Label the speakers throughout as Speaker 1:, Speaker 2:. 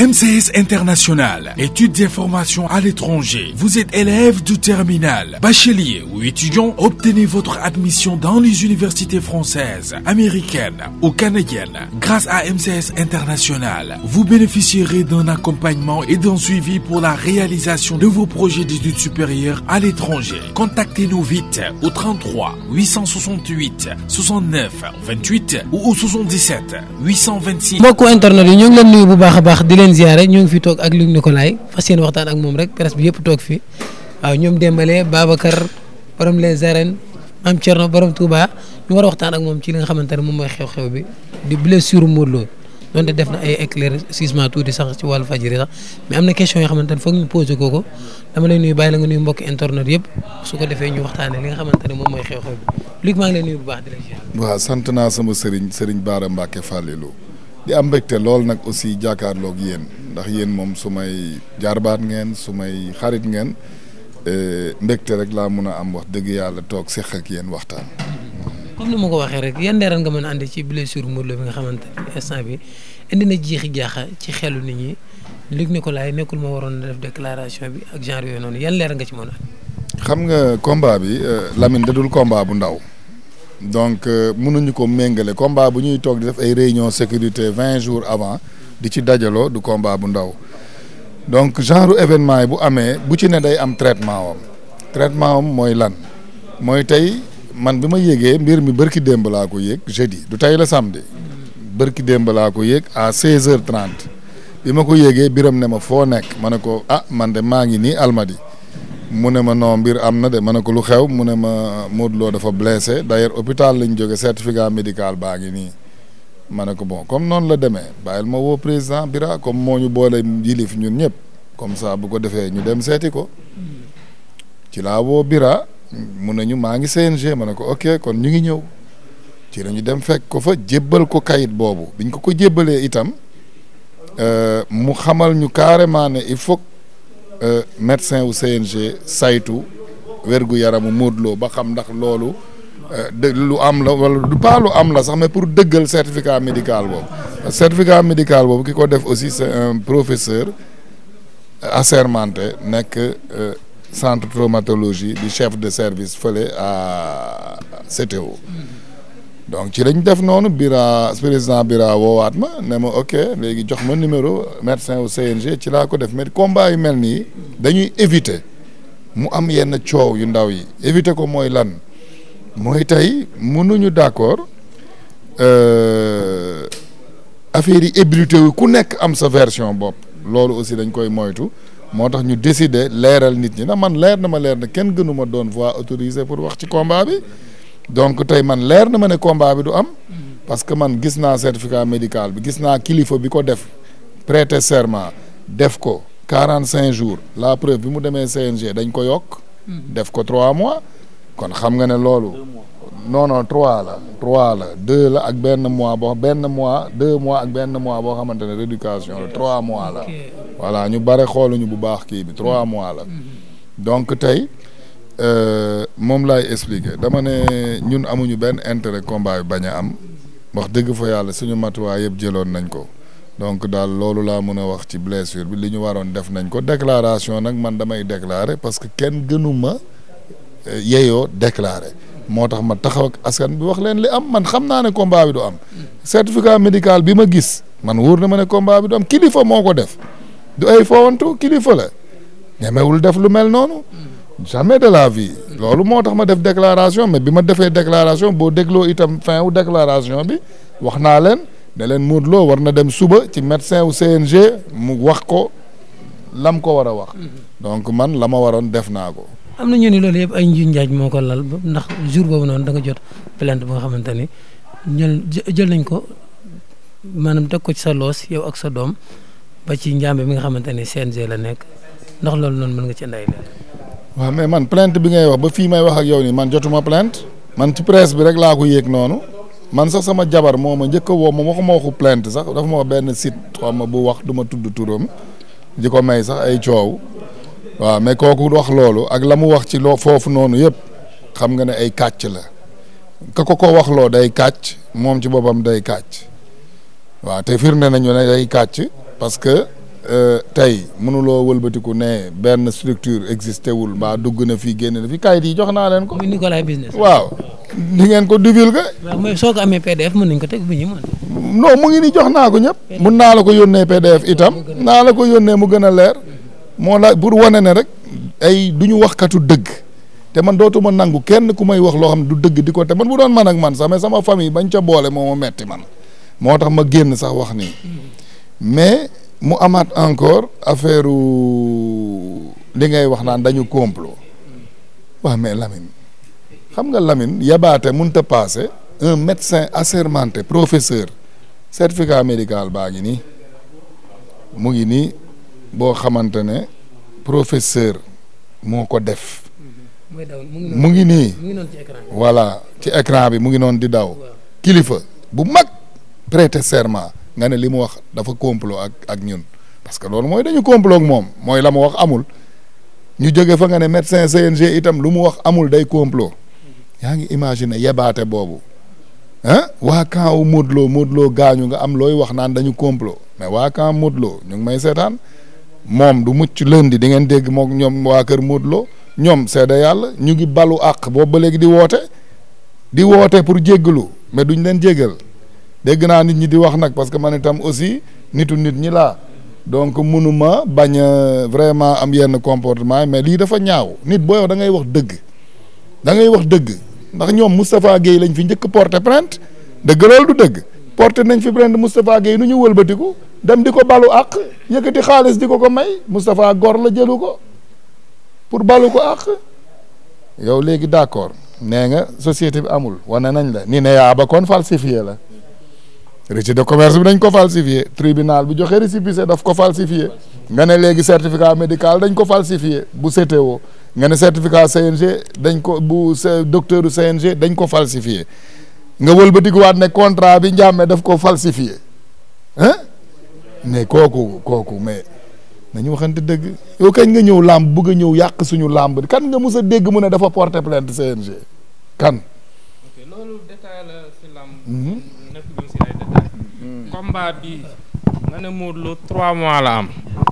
Speaker 1: MCS International, études d'information à l'étranger. Vous êtes élève du terminal, bachelier ou étudiant, obtenez votre admission dans les universités françaises, américaines ou canadiennes. Grâce à MCS International, vous bénéficierez d'un accompagnement et d'un suivi pour la réalisation de vos projets d'études supérieures à l'étranger. Contactez-nous vite au 33 868 69 28 ou au 77 826.
Speaker 2: leen ziare ñoo ngi fi toog ak Luc Nicolaï fas yéene moom rek presse bi yëpp toog fi waaw ñoom Dembélé Babacar bi di blessure Modou Lô donte def na ay éclaircissement tuuti sax ci wàllu fajiri sax mais am na question yoo xamante ne foog ñu posé ko ko dama lay nuyu bàyyi la nga nuyu mbokk internet yëpp su ko defee ñu waxtaanee li nga xamante ne moom mooy xew-xew bi Luc maa ngi bu baax di
Speaker 3: la sant naa sama sëriñ sëriñ Baara Mbacke Fallilou di am mbégte lool nag aussi jàkkaarloog yéen ndax yéen moom su may jaarbaat ngeen sumay may xarit ngeen e, mbégte rek laa mun a am wax dëgg yàlla toog seq ak yéen waxtaan.
Speaker 2: comme ni ma ko waxee rek yan leeral nga mën a andi ci blessure Modou Lo bi nga xamante instant bi indi na jiixi jaaxa ci xelu nit ñi ni ko Nicolaï nekkul ma waroon def déclaration bi ak genre yooyu noonu yan leeral nga ci mën a.
Speaker 3: xam nga combat bi e, Lamine dadul combat bu ndaw. donc euh, mënuñu ko méngale combat bu ñuy toog di def ay réunion sécurité vingt jours avant di ci dajaloo du combat bu ndaw donc genre événement yi bu amee bu ci ne day am traitement wam traitement om mooy lan mooy tey man bi ma yéegee mbir mi bërki démb laa ko yéeg jeudi du tey la samedi bërki démb laa ko yéeg à seize heures trente bi ma ko yéegee biram ne ma foo nekk ma ne ko ah man de maa ngi nii almadi mu ne ma non mbir am na de ma ne ko lu xew mu ne ma Modou Lo dafa blessé d'ailleurs hôpital lañ jóge certificat médical baa ngi nii ma ne ko bon comme noonu la demee bàyyil ma woo président Bira comme moo ñu boole yilif ñun ñëpp comme ça bu ko defee ñu dem seeti ko ci laa woo Bira mu ne ñu maa ngi CNG ma ne ko ok kon ñu ngi ñëw ci la ñu dem fekk ko fa jébbal ko kayit boobu biñ ko ko jébbalee itam euh, mu xamal ñu carrément ne il faut Euh, médecin au CNG saytu wergu yaramu modlo, ba xam ndax lolu euh, lu am la wala du pas lu am la sax mais pour deugal certificat médical bob, certificat médical bob, kiko def aussi c'est un professeur assermenté nek euh, centre traumatologie du chef de service fele à CTO donc ci lañ def noonu bira président bira woowaat ma ne ma ok léegi jox ma numéro médecin au CNG ci laa ko def mais combat yu mel nii dañuy éviter mu am yenn coow yu ndaw yi éviter ko mooy lan mooy tey mënuñu d'accord euh, affaire yi ébruité wu ku nekk am sa version bopp loolu aussi dañ koy moytu moo tax ñu décider leeral nit ñi na man leer na ma leer na kenn gënuma doon voix autoriser pour wax ci combat bi donc tey man leer na ma ne combat bi du am. parce que man gis naa certificat médical bi gis naa kilifa bi ko def prêter serment def ko quarante cinq jours la preuve bi mu demee CNG dañ ko yokk. def ko trois mois. kon xam nga ne loolu. non non trois la trois la deux la ak benn mois boo benn mois deux mois ak benn mois boo xamante ne rééducation la trois mois la. voilà ñu bare xooluñu bu baax kii bi trois mois la. Mhm. donc tey. Euh, moom lay expliquer dama ne ñun amuñu benn intérêt combat bi bañ a am wax dëgg fa yàlla suñu matuwaay yëpp jëloon nañ ko donc daal loolu laa mën a wax ci blessure bi li ñu waroon def nañ ko déclaration nag man damay déclarer parce que kenn gënu ma euh, yeyoo déclarer moo tax ma taxaw ak askan bi wax leen li am man xam naa ne combat bi du am certificat médical bi ma gis man wóor na ma ne combat bi du am kilifa moo ko def du ay fowantu kilifa la ñemewul def lu mel noonu. jamais de la vie lolou motax ma def déclaration mais bima ma déclaration bo déglo itam fin ou déclaration bi waxna len leen ne leen Lo dem suba ci médecin ou CNG mu wax ko lam ko wara wax. donc man lama waron def nago
Speaker 2: amna am ñu ni loolu yeb ay ñu ñaj moko lal ndax jour bobu non da nga jot plainte bo xamanteni jël nañ ko manam tek ko ci sa loss yow ak sa dom ba ci ñambe mi nga xamanteni CNG la nek ndax lolou non mën nga ci nday
Speaker 3: waaw mais man plant bi ngay wax ba fii may wax ak yow nii man jotuma plainte man ci presse bi rek laa ko yéeg noonu man sax sama jabar moom ma njëkk a woo ma waxuma waxu plainte sax dafa ma wax benn site xaw ma bu wax du ma tudd turam di ko may sax ay coow waaw mais kooku wax loolu ak la mu wax ci loo foofu noonu yëpp xam nga ne ay kàcc la ka ko ko wax loo day kàcc moom ci boppam day kàcc waaw te firnde nañu ne day kàcc parce que Euh, tey mënuloo wëlbatiku ne benn structure existé wul mbaa dugg na fi génn na fi kayit yi jox naa leen ko. muy Nicolas business. waaw ni ngeen ko divulgué. waaw mooy soo ko amee PDF mën nañu ko teg bu ñu mën. non mu ngi ni jox naa ko ñëpp. mun naa la ko yónnee PDF itam. naa la ko yónnee mu gën a leer. moo la pour wane ne rek ay du ñu katu dëgg. te man dootuma nangu kenn ku may wax loo xam ne du dëgg di ko te man bu doon man ak man sax mais sama famille bañ ca boole moo ma metti man moo tax ma génn sax wax nii hmm. mu amaat encore affaire li ngay wax naan dañu complot waaw mais lamin xam nga Lamine yabaate mun a paase un médecin assermenté professeur certificat médical baa ngi nii mu ngi nii boo xamante ne professeur moo ko def. mu ngi nii wala ci écran bi mu ngi noonu di daw. kilifa bu mag prêter serment. nga ne li mu wax dafa complot ak ak ñun parce que loolu mooy dañu complot ak moom mooy la mu wax amul ñu jege fa nga ne médecin CNG itam lu mu wax amul day complot yaa ngi imaginer yebaate boobu ah waa camp wu Modou Lo Modou nga am looy wax naan dañu complot mais waa camp Modou ñu ngi may seetaan moom du mucc lundi di ngeen dégg mook ñoom waa kër Modou Lo ñoom seede yàlla ñu ngi balu àq boobu ba léegi di woote di woote pour jéggalu mais duñ leen jéggal deug na nit ñi di wax nak parce que man itam aussi nitu nit ñi la donc mënuma bañ a vraiment am yenn comportement mais li dafa ñaaw nit boy wax da ngay wax deug da ngay wax deug ndax ñom mustapha gey lañ fi ñëk porter plainte deug lool du deug porter nañ fi plainte mustapha gey nu ñu wëlbatiku dem di balu ak? yëkëti xaaliss di ko may mustapha gor la jëlu ko pour balu ko ak? yow légui d'accord nee nga société bi amul wane nañ la ni ne ya ba kon falsifier la reçu de commerce bi dañ ko falsifié tribunal bi joxe récépissé daf ko falsifié nga ne léegi certificat médical dañ ko falsifié bu CTO nga ne certificat CNG dañ ko bu docteur CNG dañ ko falsifié nga wëlbatikuwaat ne contrat bi njàmme daf ko falsifié ah mais kooku kooku mais nañu waxante dëgg yow kañ nga ñëw làmb bugg a ñëw yàq suñu làmb kan nga mus a dégg mu ne dafa porter plainte CNG kan.
Speaker 1: combat bi nga ne Modou Lo trois mois la am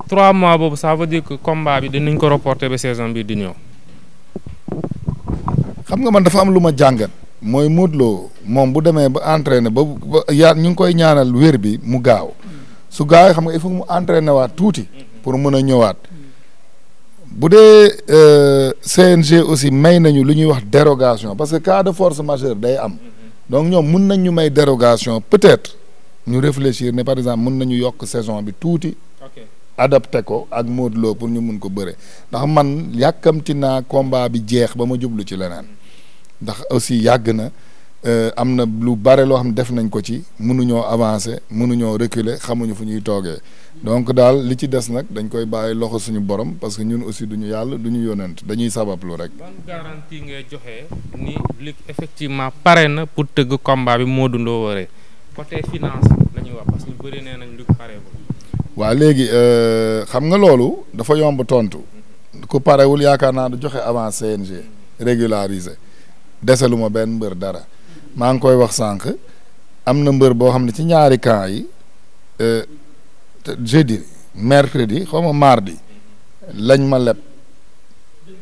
Speaker 1: trois mois boobu ça veut dire que combat bi dinañ ko reporter ba saison bi di ñëw.
Speaker 3: xam nga man dafa am lu ma jàngat. mooy mood Lo moom bu demee ba entraîné ba yaa ñu ngi koy ñaanal wér bi mu gaaw su gaawee xam nga il faut mu entraîné waat tuuti pour mën a ñëwaat bu dee euh, CNG aussi may nañu lu ñuy wax dérogation parce que cas de force majeure day am donc ñoom mun nañ ñu may dérogation peut-être ñu réfléchir ne par exemple mun nañu yokk saison bi tuuti. adapté ko ak Modou Lo pour ñu mun ko bëre ndax man yàkkamti naa combat bi jeex ba ma jublu ci leneen ndax aussi yàgg na euh, am na lu bare loo xam def nañ ko ci mënuñoo avancer mënuñoo reculer xamuñu fu ñuy toogee donc daal li ci des nag dañ koy bàyyi loxo suñu borom parce que ñun aussi duñu yàlla duñu yonent dañuy sabablu rek. ban garantie
Speaker 1: joxe ni
Speaker 3: effectivement pare na pour tëgg combat bi Modou ndoo waree côté finance
Speaker 1: wax parce que ñu bëri nee nañ lu parewul.
Speaker 3: waaw léegi euh, xam nga loolu dafa yomb tontu. ku parewul yaakaar naa du joxe avant CNG. régularisé deselu ma benn mbër dara. maa ngi koy wax sànq am na mbër boo xam ne ci ñaari camp yi euh, jeudi mercredi xaw ma mardi lañ ma leb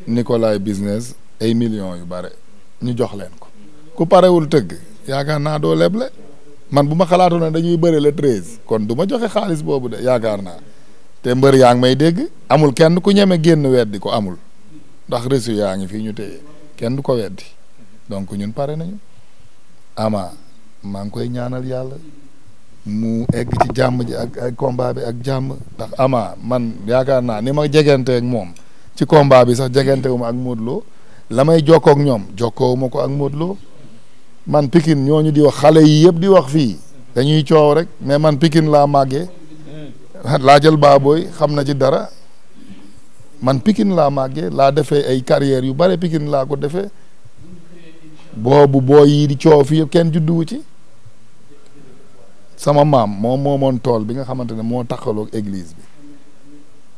Speaker 3: Nicolas business ay millions yu bare ñu jox leen ko ku parewul tëgg yaakaar naa doo leble. man bu ma xalaatoon ne dañuy bëri le treize kon du ma joxe xaalis boobu de yaakaar naa te mbër yaa ngi may dégg amul kenn ku ñeme génn weddi ko amul ndax reçu yaa ngi fii ñu téye kenn du ko weddi donc ñun pare nañu ama maa ngi koy ñaanal yàlla mu egg ci jàmm ji ak ak combat bi ak jàmm ndax ama man yaakaar naa ni ma jegenteeg moom ci combat bi sax jegante wu ak Modou Lo la may jokkoo ak ñoom jokkoowu ma ko ak Modou Lo man Pikine ñooñu di wax xale yi yëpp di wax fii dañuy coow rek mais man pikin laa màggee laa jël baabooy xam na ci dara man Pikine laa màggee laa defee ay carrière yu bare Pikine laa ko defee boobu boo yii di coow fii yëpp kenn judduwu ci sama maam moom moomoon tool bi nga xamante ne moo taxaloog église bi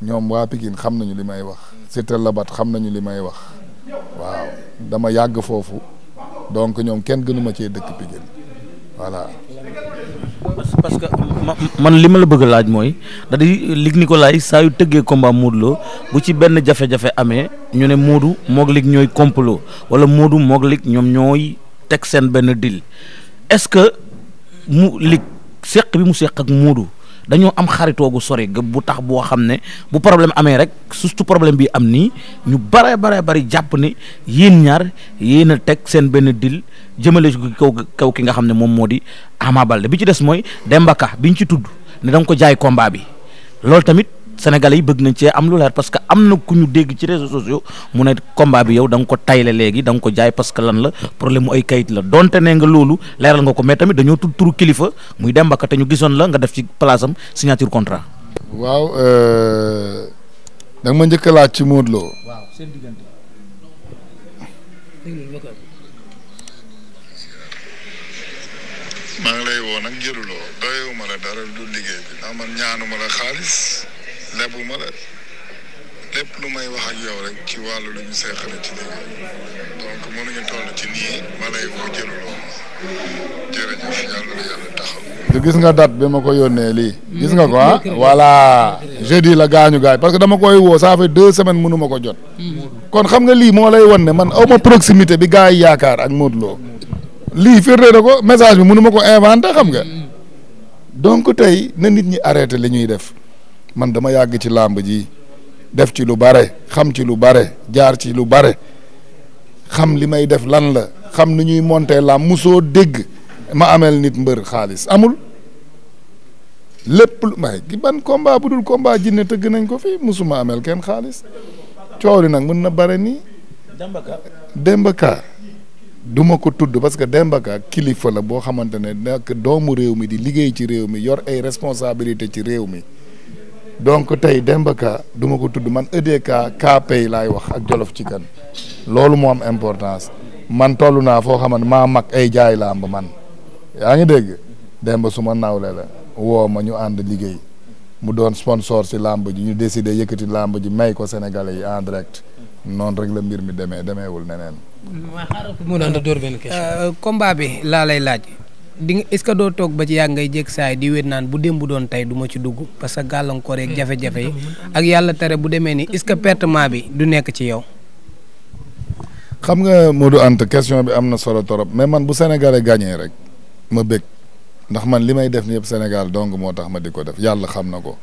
Speaker 3: ñoom waa Pikine xam nañu li may wax Cité Labat xam nañu li may wax waaw dama yàgg foofu donc ñoom kenn gënuma cee dëkk Pikine voilà. parce que man li ma la bëgg laaj mooy ligg ni ko Nicolaï saa yu tëggee kombaam Modou bu ci benn jafe-jafe amee ñu ne Modou moog Luc ñooy complot wala Modou moog Luc ñoom ñooy teg seen benn deal est-ce que mu Luc seq bi mu seq ak
Speaker 2: Modou. dañoo am xaritoo gu sori bu tax boo xam ne bu problème amee rek surtout problème bi
Speaker 3: am nii ñu bare bare bari jàpp ni yéen ñaar yéen a teg seen benn dil jëmale ko kaw kaw ki nga xam ne moom moo di Ama Baldé bi ci des mooy Demba Ka biñ ci tudd ne da ko jaay komba bi loolu tamit sénégalais yi bëgg nañ cee am lu leer parce que am na ku ñu dégg ci réseaux sociaux mu ne combat bi yow da nga ko tayle léegi da ko jaay parce que lan la problème mu ay kayit la donte nee nga loolu leeral nga ko mais tamit dañoo tudd turu kilifa muy Demba Ka te ñu gisoon la nga def ci place am signature contrat. waaw euh, da ma njëkk laaj ci Modou Lo. waaw la dara du liggéey bi ndax ñaanuma la xaalis lebuma la. lépp lu may wax ak yow rek ci wàllu lu ñu seexale ci liggéey donc mënuñu toll ci nii ma lay woo jëluloo jërëjëf yàlla na yàlla taxaw gis nga date bi ma ko yónnee lii gis nga ko ah mm-hmm. voilà jeudi la gaañu gaay parce que dama koy woo ça fait deux semaines mënu ko jot mm-hmm. kon xam nga lii moo lay wan ne man aw ma proximité bi gars yi yaakaar ak Modou Lo lii firnde na ko message bi mënu ma ko inventé xam nga mm-hmm. donc tey na nit ñi arrêté li ñuy def man dama yàgg ci làmb ji def ci lu bare xam ci lu bare jaar ci lu bare xam li may def lan la xam nu ñuy monte lam musoo dégg ma amel nit mbër xaalis amul lépp lu may gi ban komba bu dul jinne tëgg nañ ko fii musuma amel kenn xaalis coow li nag mën na bare nii dembaka du duma ko tudd parce que dembaka kilifa la boo xamante ne nekk doomu réew mi di liggéey ci réew mi yor ay responsabilité ci réew mi donc tey Demba Ka du ko tudd man EDK KPI laay wax ak Jolof ci kan loolu moom importance man toll naa foo xam ne maa mag ay jaay làmb man yaa ngi dégg Demba su ma nawle la woo ma ñu ànd liggéey mu doon sponsor si làmb ji ñu décider yëkkati làmb ji may ko Sénégalais yi en direct noonu rek la mbir mi demee demeewul neneen.
Speaker 2: maa xaaral ko mu euh, laaj. di est-ce que doo toog ba ci yàgg ngay jékki saay di wét naan bu démb doon tey duma ci dugg parce que gàllankoor yeeg jafe-jafe ak yàlla tere bu demee ni est-ce que pertement bi du nekk ci yow.
Speaker 3: xam nga Modou ant question bi am na solo torop mais man bu Sénégalais gagné rek ma bëgg ndax man li may def ni yëpp Sénégal donc moo tax ma di ko def yàlla xam na ko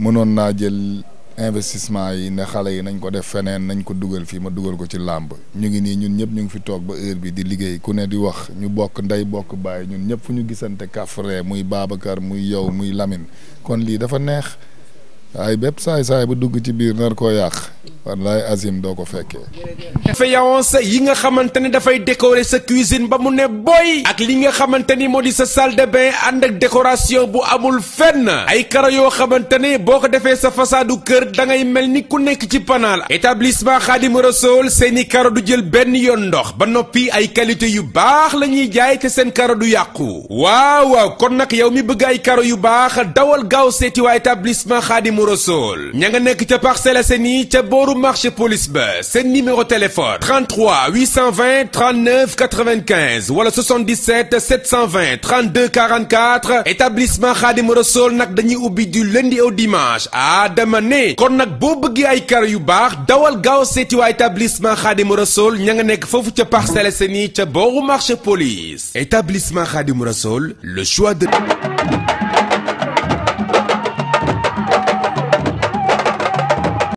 Speaker 3: mënoon naa jël. investissement yi ne xale yi nañ ko def feneen nañ ko dugal fii ma dugal ko ci làmb ñu ngi nii ñun ñëpp ñu ngi fi toog ba heure bi di liggéey ku ne di wax ñu bokk ndey bokk bàyyi ñun ñëpp fu ñu gisante kafre muy Babacar muy yow muy Lamine kon lii dafa neex ay bépp saay-saay bu dugg ci biir nar koo yàq wallaay azim doo ko fekkee
Speaker 1: faïence yi nga xamante ni dafay décorer sa cuisine ba mu ne boy ak li nga xamante ni moo di sa salle de bain ak décoration bu amul fenn ay karo yoo xamante ni boo ko defee sa façadu kër da ngay mel ni ku nekk ci panaal établissement Khadim Rassoul seeni karo du jël benn yoon ndox ba noppi ay qualité yu baax la ñuy jaay te seen karo du yàqu waaw waaw kon nag yow mi bëgg ay karo yu baax dawal gaaw seeti waa établissement Khadim Xaadimu Rasuul ña nga parcelle ca Parcelles boru marché police ba le numéro téléphone 33 820 39 95 wala 77 720 32 44 établissement Khadim Rasuul nag dañuy ubbi du lundi au dimanche ah dama ne kon nag boo bëggee ay yu dawal gaaw seeti waa établissement Khadi Rasuul Nyanganek nga nekk foofu ca Parcelles Assainies boru marché police établissement Khadi le choix de